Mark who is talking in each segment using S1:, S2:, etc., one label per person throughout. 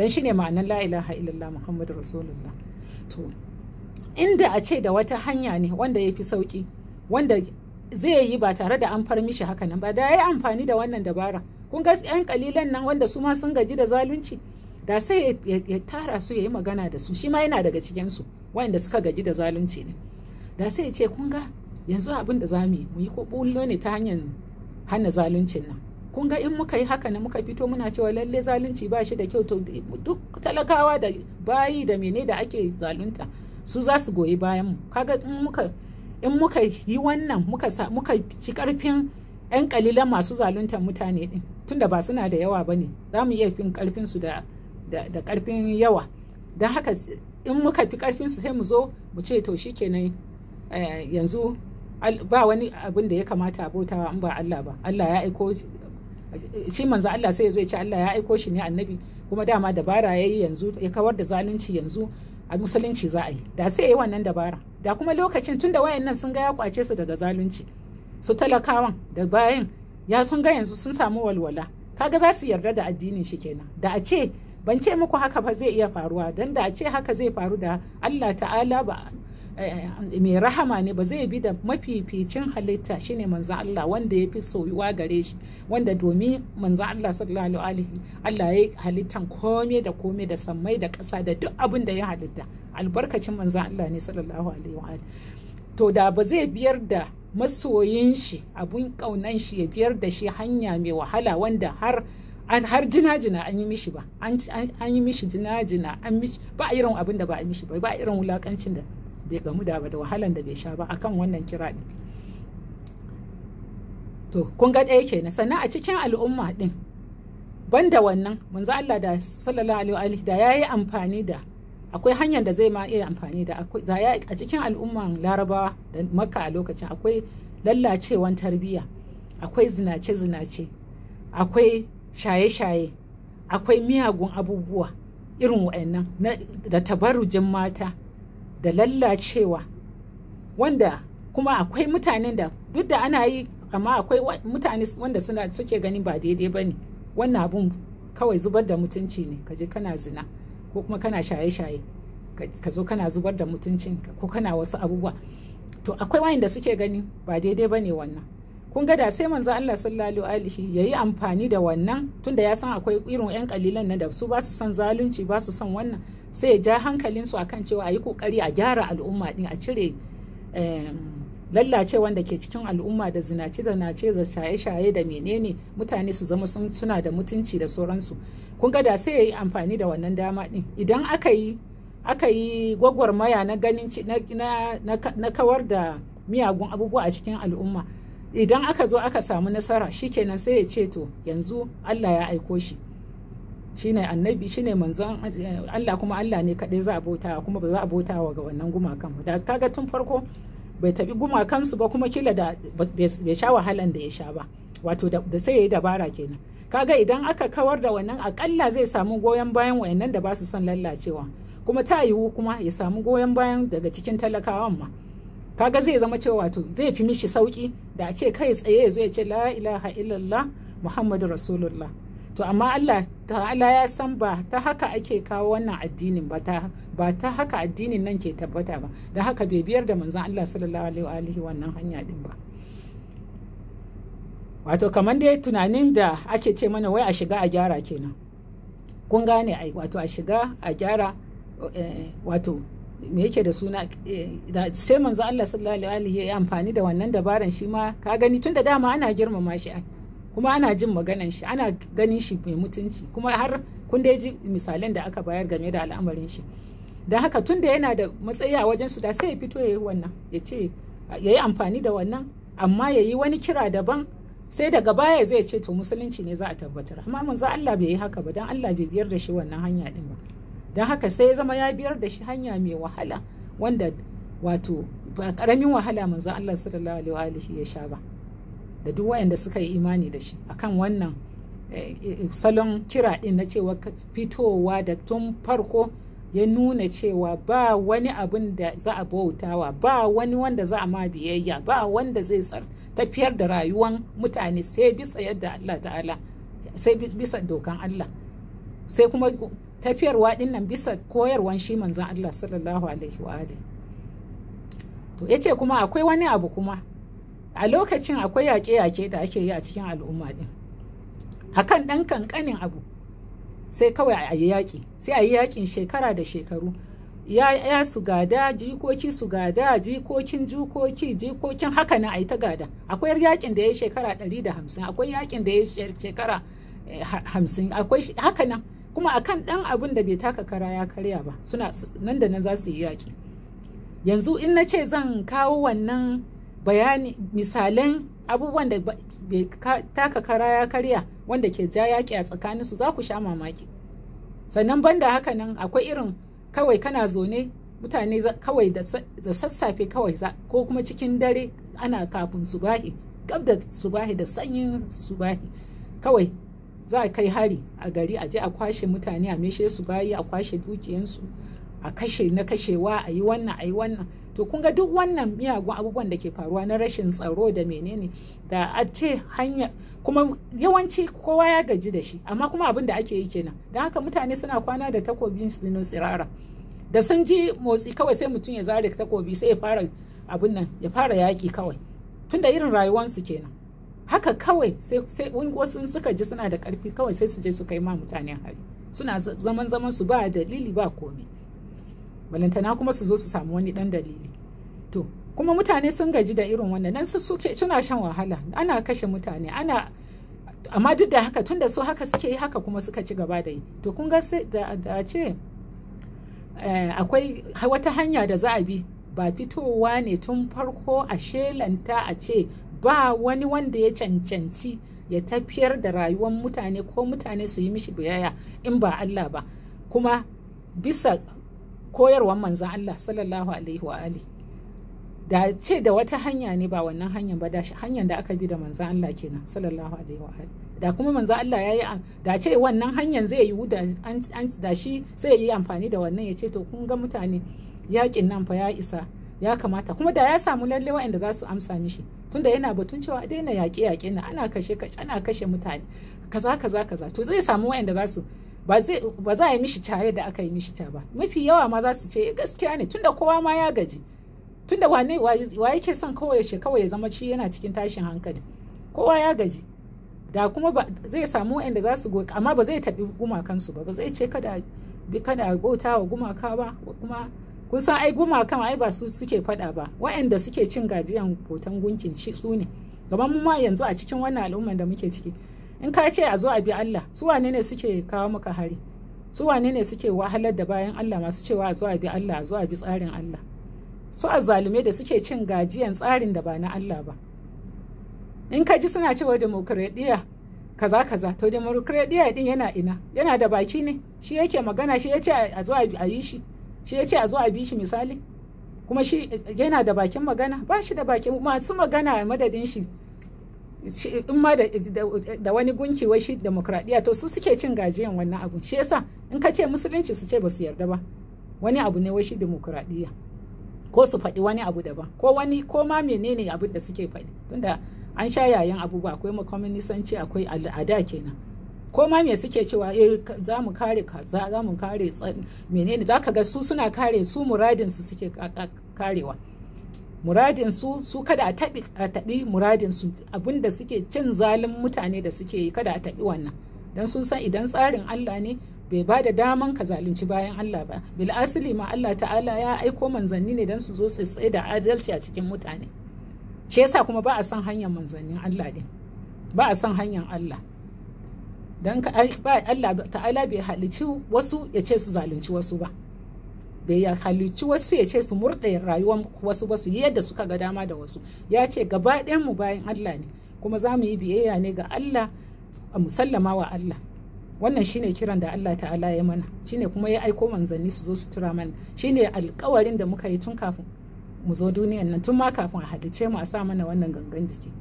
S1: dan shine ma'anar la ilaha illallah muhammadu rasulullah to inda a ce da wata hanya ne wanda ya fi sauki wanda zai yi ba tare da an far mishi haka nan ba da ya yi amfani da wannan dabara kun ga yan kalilan nan wanda su ma sun gaji da zalunci da sai ya tara su ya yi magana da su shi ma yana daga cikin su wanda suka gaji da zalunci ne da sai ya ce kun ga yanzu abin da za mu yi mu yi ko ne ta hanyar hana zaluncin nan kun ga in muka yi haka na muka fito muna cewa lalle zalunci ba shi da kyau to duk talakawa da bayi da mene da ake zalunta su za su goyi bayan mu kaga in muka in muka yi wannan muka muka ci karfin yan kalilan masu zalunta mutane din tunda ba suna da yawa bane za mu iya fin karfin su da da karfin yawa dan haka in muka fi karfin su sai mu zo mu ce to shikenan eh, yanzu ba wani abin da ya kamata a bautawa in ba Allah ba Allah ya aiko shi manzo Allah sai ya zo ya ce Allah ya aiko shi ne annabi kuma dama dabara yayi yanzu ya kawar da zalunci yanzu a musulunci za a yi da sai yayi wannan dabara da kuma lokacin tun tunda wayannan sun ga ya kwace su daga zalunci su talakawan da bayan ya sun ga yanzu sun samu walwala kaga za su yarda da addinin shi kenan da a ce ban ce muku haka ba zai iya faruwa dan da a ce haka zai faru da Allah ta'ala ba Eh, mai rahama ne ba zai bi da mafificin halitta shine manzan Allah wanda ya fi soyuwa gare shi wanda domin manzan Allah sallallahu alaihi Allah ya halittan kome da kome da sammai da ƙasa da duk abin da ya halitta albarkacin manzan Allah ne sallallahu alaihi wa to da ba zai biyar da masoyin shi abun kaunan shi ya biyar da shi hanya mai wahala wanda har an har jina-jina an yi mishi ba an yi mishi jina-jina an mishi ba irin abin da ba a yi mishi ba ba irin wulakancin da bai gamu da da wahalan da bai sha ba akan wannan kira ne. to kun ga ɗaya kenan sannan a cikin al'umma ɗin banda wannan manzo Allah da sallallahu alaihi da yayi amfani da akwai hanyar da zai ma iya amfani da a cikin al'umman larabawa da makka a lokacin akwai lallacewan tarbiyya akwai zinace-zinace akwai shaye-shaye akwai miyagun abubuwa irin wa'annan da tabarujin mata da lallacewa wanda kuma akwai mutanen da duk da ana yi amma akwai mutane wanda suna suke ganin ba daidai ba ne wannan abun kawai zubar da mutunci ne kaje kana zina ko kuma kana shaye-shaye ka zo kana zubar da mutuncin ko kana wasu abubuwa to akwai wayanda suke gani ba daidai ba ne wannan kun ga da sai manzo Allah sallallahu alaihi yayi amfani da wannan tunda ya san akwai irin yan kalilan nan da su ba su san zalunci ba su san wannan sai ya ja hankalin su akan cewa ayi kokari a gyara al'umma din a cire lallace wanda ke cikin al'umma da zinace zinace da shaye-shaye da menene mutane su zama suna da mutunci da sauransu kun gada sai yayi amfani da wannan dama din idan aka yi aka yi gwagwarmaya na ganin na kawar da miyagun abubuwa a cikin al'umma idan aka zo aka samu nasara shi kenan sai ya ce to yanzu Allah ya aiko shi shine annabi shine manzon Allah kuma Allah ne kaɗai za a bauta kuma ba za a bauta wa ga wannan gumakan da kaga tun farko bai tabi gumakansu ba kuma kila da bai sha wahalan da ya sha ba wato da sai ya yi dabara kenan kaga idan aka kawar da wannan akalla zai samu goyon bayan wayannan da ba su son lallacewa kuma ta yiwu kuma ya samu goyon bayan daga cikin talakawan ma kaga zai zama cewa wato zai fi mishi sauki da a ce kai tsaye ya zo ce la ilaha illallah muhammadu rasulullah to amma Allah ta'ala ya san ba ta haka ake kawo wannan addinin ba ta ba ta haka addinin nan ke tabbata ba da haka bai biyar da manzon Allah sallallahu alaihi wa wannan hanya din ba wato kamar dai tunanin da ake ce mana wai a shiga a gyara kenan kun gane wato a shiga a gyara eh, wato me yake da suna eh, Da sai manzo Allah sallallahu alaihi ya yi amfani da wannan dabaran shi ma ka gani tun da dama ana girmama shi kuma ana jin maganan shi ana ganin shi mai mutunci kuma har kun dai ji misalan da aka bayar game da al'amarin shi da haka tun da yana da matsayi a wajen su da sai ya fito ya yi wannan ya ce ya yi amfani da wannan amma ya yi wani kira daban sai daga baya zai ce to musulunci ne za a tabbatar amma manzo Allah bai yi haka ba dan Allah bai biyar da shi wannan hanya din ba don haka sai ya zama ya biyar da shi hanya mai wahala wanda wato ba karamin wahala manzon Allah sallallahu alaihi ya sha ba da duk wayanda suka yi imani da shi akan wannan eh, eh, salon kira din na cewa fitowa da tun farko ya nuna cewa ba wani abin da za a bautawa ba wani wanda za a ma biyayya ba wanda zai tafiyar da rayuwan mutane sai bisa yadda Allah ta'ala sai bisa dokan Allah sai kuma tafiyarwa waɗin nan bisa koyarwan shi manzan Allah sallallahu alaihi wa alihi to yace kuma akwai wani abu kuma a lokacin akwai yaƙe-yaƙe da ake yi a cikin al'umma din hakan ɗan kankanin abu sai kawai a yi yaƙi sai a yi yaƙin shekara da shekaru ya su gada jikoki su gada jikokin jukoki jikokin haka nan a yi ta gada akwai yaƙin da ya yi shekara 150 akwai yaƙin da ya shekara 50 eh, akwai haka nan kuma akan ɗan abin da bai taka kara ya karya ba suna nan da nan za su yi yaƙi yanzu in na ce zan kawo wannan bayani misalan abubuwan da bai taka kara ya karya wanda ke ja yaƙi a tsakaninsu za ku sha mamaki sannan banda haka nan akwai irin kawai kana zone mutane kawai da sassafe kawai ko kuma cikin dare ana kafin subahi gab da subahi da sanyin subahi kawai za a kai hari a gari a je a kwashe mutane a meshe su bayi a kwashe dukiyansu a kashe na kashewa a yi wannan a yi wannan to kun ga duk wannan miyagun abubuwan da ke faruwa na rashin tsaro da menene da a ce hanya kuma yawanci kowa ya gaji da shi amma kuma abin da ake yi kenan don haka mutane suna kwana da takobin su tsirara da sun ji motsi kawai sai mutum ya zare takobi sai ya fara abin nan ya fara yaƙi kawai tunda irin rayuwarsu kenan haka kawai sai wasu suka ji suna da karfi kawai sai su je su kai ma mutane hari suna zaman zaman su ba dalili ba komi balantana kuma su zo su samu wani dan dalili to kuma mutane sun gaji da irin wannan nan suna shan wahala ana kashe mutane ana amma duk da haka tunda su haka suke yi haka kuma suka ci gaba da yi to kun ga da ce eh, akwai wata hanya da za a bi ba fitowa ne tun farko a shelanta a ce ba wani wanda ya cancanci ya tafiyar da rayuwar mutane ko mutane su yi mishi biyayya in ba Allah ba kuma bisa koyarwar manzan Allah sallallahu alaihi wa ali da ce da wata hanya ne ba wannan hanyar ba da hanyar da aka bi da manzan Allah kenan sallallahu alaihi wa ali da kuma manzan Allah ya yi da ce wannan hanyar zai yiwu da an da shi sai ya yi amfani da wannan ya ce to kun ga mutane yakin nan fa ya isa ya kamata kuma da ya samu lalle waɗanda za su amsa mishi tunda yana batun cewa daina yaƙe yaƙe na ana kashe ana kashe mutane kaza kaza kaza to zai samu waɗanda za su ba za a yi mishi ca yadda aka yi mishi ca ba mafi yawa ma za su ce eh, gaskiya ne tunda kowa ma ya gaji tunda wane wa yake son kawai ya kawai ya zama ci yana cikin tashin hankali kowa ya gaji da kuma zai samu waɗanda za su amma ba zai taɓi gumakansu ba ba zai ce kada bi kada bauta wa gumaka ba kuma kun san ai gumakan ai ba su suke faɗa ba wa'anda suke cin gajiyan hoton gunkin shi su ne gaban mu ma yanzu a cikin wannan al'umman da muke ciki in ka ce a zo a bi Allah su wane ne suke kawo maka hari su wane ne suke wahalar da bayan Allah masu cewa a zo a bi Allah a zo a bi tsarin Allah su azzalume da suke cin gajiyan tsarin da ba na Allah ba in ka ji suna cewa demokradiyya kaza kaza to demokradiyya din yana ina yana da baki ne shi yake magana shi yace a zo a yi shi shi ya ce a zo a bi shi misali kuma shi yana da bakin magana ba shi da bakin masu magana a madadin shi in ma da wani gunki wai shi demokradiyya to su suke cin gajiyan wannan abu shi yasa in ka ce musulunci su ce ba su yarda ba wani abu ne wai shi demokradiyya ko su faɗi wani abu daban ko wani ko ma menene abin da suke faɗi tunda an sha yayin abubuwa akwai makwaminisanci akwai al'ada kenan ko ma me suke cewa eh za mu kare kaza za mu kare menene za ka ga su suna kare su muradin su suke karewa muradin su su kada a tabi a tabi muradin su abinda suke cin zalin mutane da suke yi kada a tabi wannan dan sun san idan tsarin Allah ne bai ba da daman ka zalunci bayan Allah ba bil asili ma Allah ta'ala ya aiko manzanni ne dan su zo tsaye da adalci a cikin mutane shi yasa kuma ba a san hanyar manzannin Allah din ba a san hanyar Allah don ka Allah ta'ala bai halici wasu ya ce su zalunci wasu ba bai ya halici wasu ya ce su murɗe rayuwar wasu ba su yadda suka ga dama da wasu ya ce gaba mu bayan Allah ne kuma za mu yi biyayya ne ga Allah a musallama wa Allah wannan shine kiran da Allah ta'ala ya mana shine kuma ya aiko manzanni su zo su tura mana shine alƙawarin da muka yi tun kafin mu zo duniyan nan tun ma kafin a halice mu a sa mana wannan gangan jiki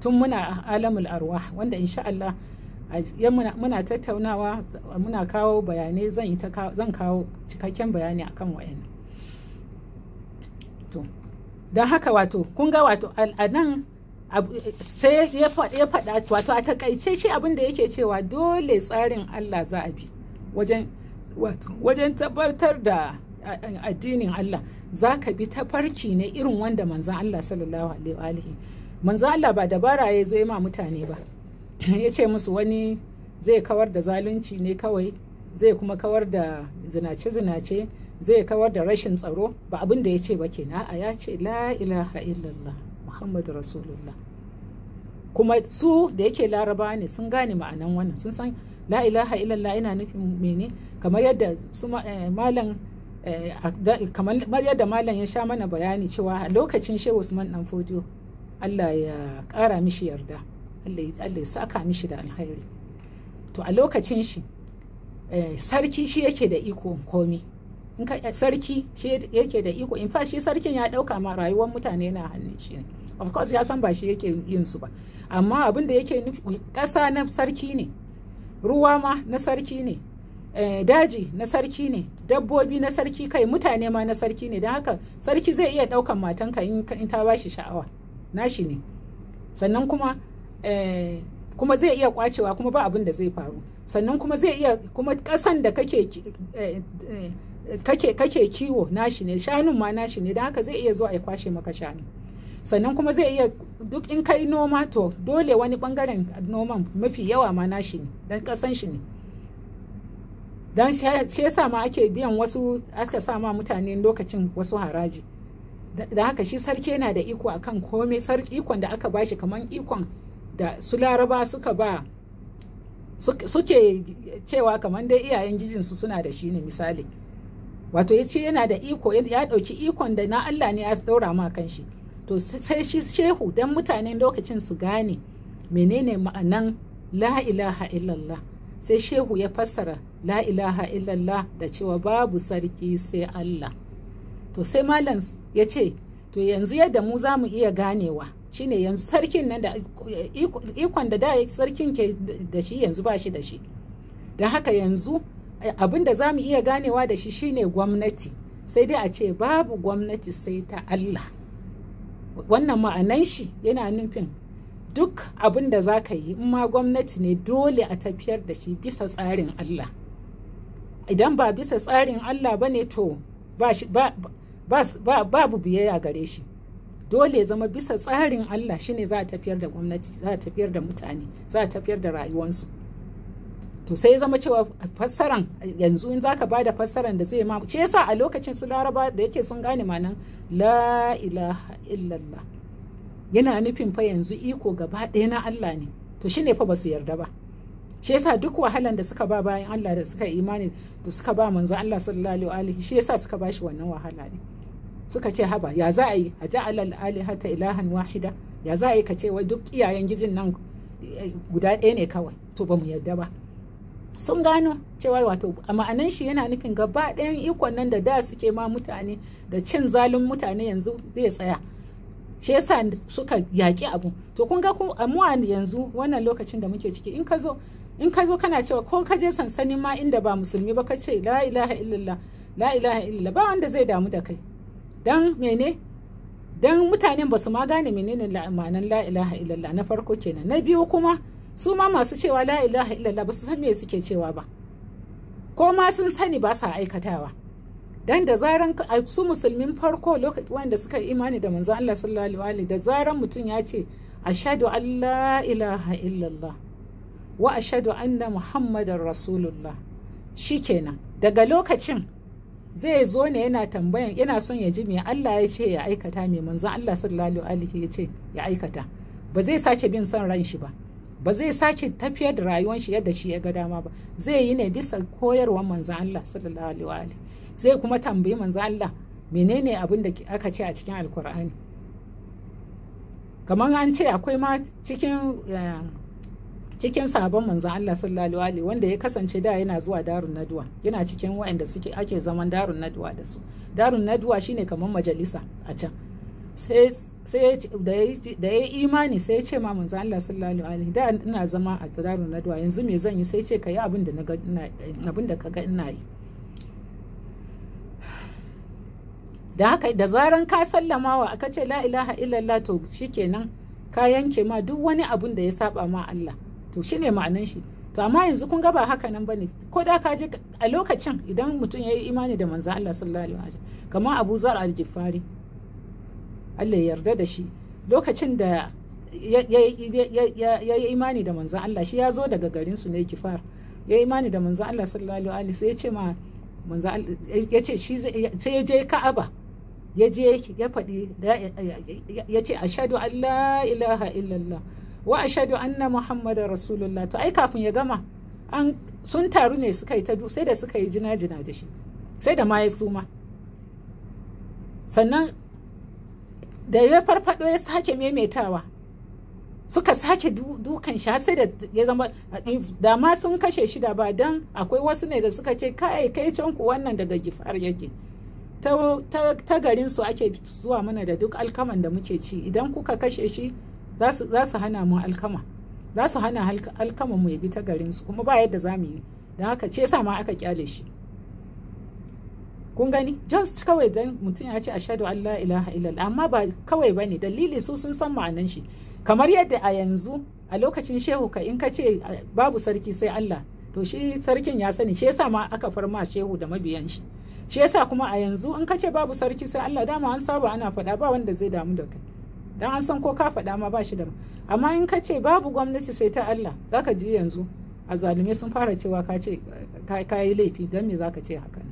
S1: tun muna alamul arwah wanda insha Allah muna tattaunawa muna kawo bayanai zan kawo cikakken bayani akan wayannan don haka wato kun ga wato a nan sai ya faɗa wato a takaice shi abin da yake cewa dole tsarin Allah za a bi wajen tabbatar da addinin Allah za ka bi tafarki ne irin wanda manzan Allah sallallahu alaihi manzan Allah ba dabara ya zo ya ma mutane ba ya ce musu wani zai kawar da zalunci ne kawai zai kuma kawar da zinace-zinace zai kawar da rashin tsaro ba abin da ya ce ba kenan a ya ce la ilaha illallah muhammadu rasulullah kuma su da yake laraba ne sun gane ma'anan wannan sun san la ilaha illallah ina nufin mene kamar yadda su eh, malam eh, kamar yadda malam ya sha mana bayani cewa a lokacin shehu usman dan fodiyo allah ya kara mishi yarda Allah ya saka mishi da alhairi to a lokacin shi eh, sarki shi yake da iko komi in eh, sarki shi yake da iko in fa shi sarkin ya dauka ma rayuwar mutane na hannun shi ne of course ya san ba shi yake yin su ba amma abin da yake nufi ƙasa na sarki ne ruwa ma na sarki ne eh, daji na sarki ne dabbobi na sarki kai mutane ma na sarki ne don haka sarki zai iya ɗaukan matanka in ta bashi sha'awa nashi ne sannan kuma Eh, kuma zai iya kwacewa kuma ba abin da zai faru sannan kuma zai iya kuma kasan da kake eh, eh, kake kake kiwo nashi ne shanun ma nashi ne don haka zai iya zuwa ya kwashe maka shanu sannan kuma zai iya duk in kai noma to dole wani bangaren noman mafi yawa ma nashi ne don kasan shi ne don shi yasa ma ake biyan wasu aka sa ma mutane lokacin wasu haraji da haka shi sarki yana da iko akan komai sarki ikon da aka bashi kamar ikon da su laraba suka ba suke cewa kamar dai iyayen gijinsu suna da shi ne misali wato ya ce yana da iko ya ɗauki ikon da na Allah ne ya daura ma kan shi to sai shi shehu don mutane lokacin su gane menene ma'anan la ilaha illallah sai shehu ya fassara la ilaha illallah da cewa babu sarki sai Allah to sai malam ya ce to yanzu yadda mu za mu iya ganewa shine yanzu sarkin nan da ikon da da sarkin ke da shi yanzu ba shi da shi don haka yanzu eh, abin da za mu iya ganewa da shi shine gwamnati sai dai a ce babu gwamnati sai ta Allah wannan ma'anan shi yana nufin duk abin da za ka yi in ma gwamnati ne dole a tafiyar da shi bisa tsarin Allah idan ba bisa tsarin Allah ba ne to ba babu biyayya gare shi dole zama bisa tsarin Allah shine za a tafiyar da gwamnati za a tafiyar da mutane za a tafiyar da rayuwansu to sai zama cewa fassaran yanzu in zaka bada fassaran da zai ma ce yasa a lokacin su laraba da yake sun gane manan la ilaha illallah yana nufin fa yanzu iko gaba ɗaya na Allah ne to shine fa basu yarda ba shi yasa duk wahalan da suka ba bayan Allah da suka imani to suka ba manzo Allah sallallahu alaihi shi yasa suka bashi wannan wahala ne suka ce haba ya za a yi a ja'ala al hata ilahan wahida ya za a yi ka ce wai duk iyayen gijin nan eh, guda ɗaya ne kawai to ba mu yarda ba sun gano cewa wato a ma'anan shi yana nufin gaba ɗayan ikon nan da da suke ma mutane da cin zalun mutane yanzu zai tsaya shi yasa suka yaƙi abu to kun ga amuwa yanzu wannan lokacin da muke ciki in ka zo in ka zo kana cewa ko ka je sansanin ma inda ba musulmi ba ka ce la ilaha illallah la ilaha illallah ba wanda zai damu da kai dan mene dan mutanen ba su ma gane menene ma'anan la ilaha illallah na farko kenan na biyu kuma su ma masu cewa la ilaha illallah ba su san me suke cewa ba ko ma sun sani ba sa aikatawa dan da zaran su musulmin farko lokacin wanda suka imani da manzo Allah sallallahu alaihi da zaran mutum ya ce ashhadu an la ilaha illallah wa ashhadu anna muhammadar rasulullah shikenan daga lokacin zai zo ne yana tambayan yana son ya ji me Allah ya ce ya aikata me manzon Allah sallallahu alaihi ya ce ya aikata ba zai sake bin son ran shi ba ba zai sake tafiyar da rayuwar shi yadda shi ya ga dama ba zai yi ne bisa koyarwar manzon Allah sallallahu alaihi wa zai kuma tambayi manzon Allah menene abin da aka ce a cikin alkur'ani kamar an ce akwai ma cikin eh, cikin sabon manzan Allah sallallahu alaihi wanda ya kasance da yana zuwa darun naduwa yana cikin waɗanda suke ake zaman darun naduwa da su darun naduwa shine kamar majalisa a can sai da ya imani sai ya ce ma manzan Allah sallallahu alaihi da ina zama a darun naduwa yanzu me zan yi sai ce ka yi abin da abin da kaga ina yi da haka da zaran ka sallamawa aka ce la ilaha illallah to shikenan ka yanke ma duk wani abun da ya saba ma Allah to ne ma'anan shi to amma yanzu kun gaba haka nan bane ko da ka je a lokacin idan mutum ya yi imani da manzon Allah sallallahu alaihi wasallam kamar Abu Zar al-Ghifari Allah ya yarda da shi lokacin da ya yi imani da manzon Allah shi ya zo daga garin su ne Gifar ya yi imani da manzon Allah sallallahu alaihi sai ya ce ma Allah ya ce shi sai ya je Ka'aba ya je ya faɗi ya ce ashhadu an la ilaha illallah wa ashadu anna Muhammadu rasulullah to ai kafin ya gama an sun taru ne suka yi ta sai da suka yi jina-jina da shi sai da ma ya suma sannan da ya farfado ya sake maimaitawa suka sake dukan shi sai da ya zama da ma sun kashe shi da ba dan akwai wasu ne da suka ce kai kai ku wannan daga gifar yake ta garin su ake zuwa mana da duk alkaman da muke ci idan kuka kashe shi za su hana mu alkama za su hana alkama mu ya bi ta garin su kuma ba yadda za mu yi don haka ce sa ma aka kyale shi kun gani just kawai dan mutum ya ce a ashadu Allah ilaha illallah amma ba kawai ba ne dalili su sun san ma'anan shi kamar yadda a yanzu a lokacin shehu ka in ka ce babu sarki sai Allah to shi sarkin ya sani shi yasa ma aka farma shehu da mabiyan shi shi yasa kuma a yanzu in ka ce babu sarki sai Allah dama an saba ana faɗa ba wanda zai damu da kai dan an san ko ka faɗa ma ba shi da amma in ka ce babu gwamnati sai ta Allah zaka ji yanzu a zalume sun fara cewa ka ce ka yi laifi don me zaka ce haka